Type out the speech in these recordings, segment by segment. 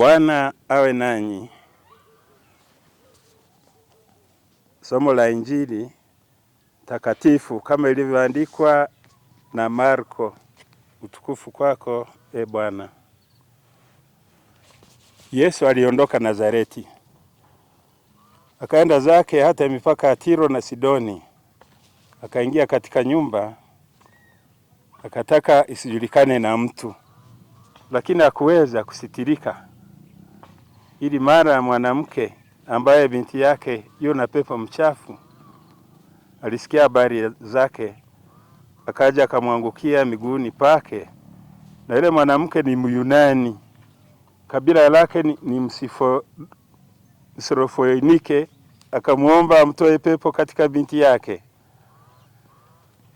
Bwana awe nanyi. Somo la Injili takatifu kama ilivyoandikwa na Marko. Utukufu kwako e Bwana. Yesu aliondoka Nazareti akaenda zake hata mipaka ya Tiro na Sidoni, akaingia katika nyumba, akataka isijulikane na mtu, lakini hakuweza kusitirika ili mara mwanamke ambaye binti yake yu na pepo mchafu alisikia habari zake, akaja akamwangukia miguuni pake. Na yule mwanamke ni Myunani, kabila lake ni, ni msifo Msirofoenike. Akamwomba amtoe pepo katika binti yake,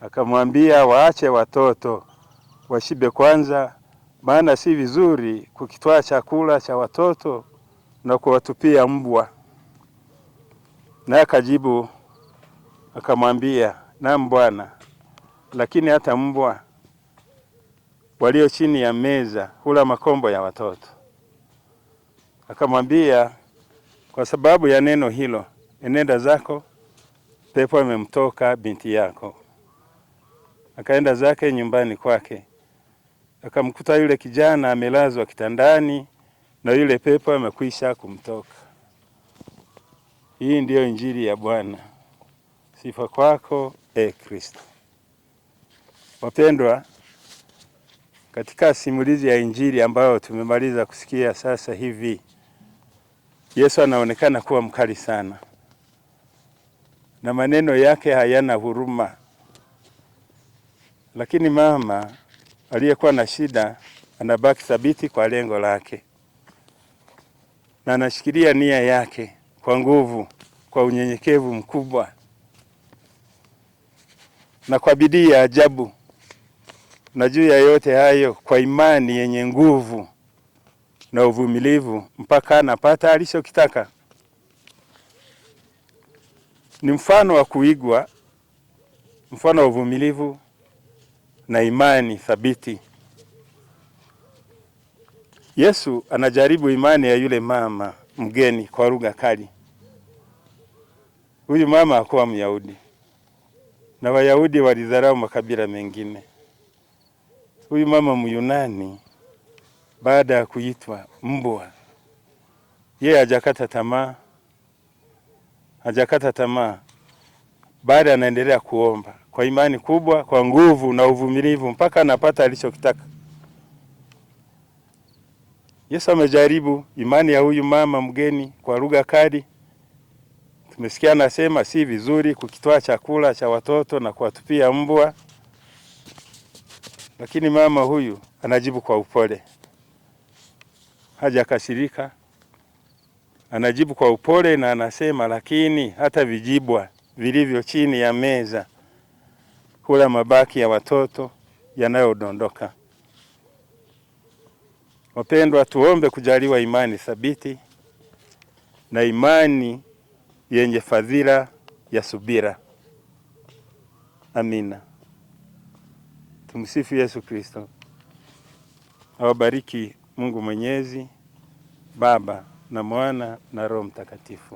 akamwambia waache watoto washibe kwanza, maana si vizuri kukitwaa chakula cha watoto na kuwatupia mbwa. Naye akajibu akamwambia, naam bwana, lakini hata mbwa walio chini ya meza hula makombo ya watoto. Akamwambia, kwa sababu ya neno hilo, enenda zako, pepo imemtoka binti yako. Akaenda zake nyumbani kwake, akamkuta yule kijana amelazwa kitandani na yule pepo amekwisha kumtoka. Hii ndiyo injili ya Bwana. Sifa kwako e Kristo. Wapendwa, katika simulizi ya injili ambayo tumemaliza kusikia sasa hivi, Yesu anaonekana kuwa mkali sana na maneno yake hayana huruma, lakini mama aliyekuwa na shida anabaki thabiti kwa lengo lake na anashikilia nia yake kwa nguvu, kwa unyenyekevu mkubwa na kwa bidii ya ajabu, na juu ya yote hayo, kwa imani yenye nguvu na uvumilivu mpaka anapata alichokitaka. Ni mfano wa kuigwa, mfano wa uvumilivu na imani thabiti. Yesu anajaribu imani ya yule mama mgeni kwa lugha kali. Huyu mama hakuwa Myahudi na Wayahudi walidharau makabila mengine. Huyu mama Myunani, baada ya kuitwa mbwa, yeye hajakata tamaa, hajakata tamaa, baada anaendelea kuomba kwa imani kubwa, kwa nguvu na uvumilivu mpaka anapata alichokitaka. Yesu amejaribu imani ya huyu mama mgeni kwa lugha kali. Tumesikia anasema si vizuri kukitoa chakula cha watoto na kuwatupia mbwa, lakini mama huyu anajibu kwa upole, hajakasirika. Anajibu kwa upole na anasema, lakini hata vijibwa vilivyo chini ya meza hula mabaki ya watoto yanayodondoka. Wapendwa, tuombe kujaliwa imani thabiti na imani yenye fadhila ya subira. Amina. Tumsifu Yesu Kristo. Awabariki Mungu Mwenyezi, Baba na Mwana na Roho Mtakatifu.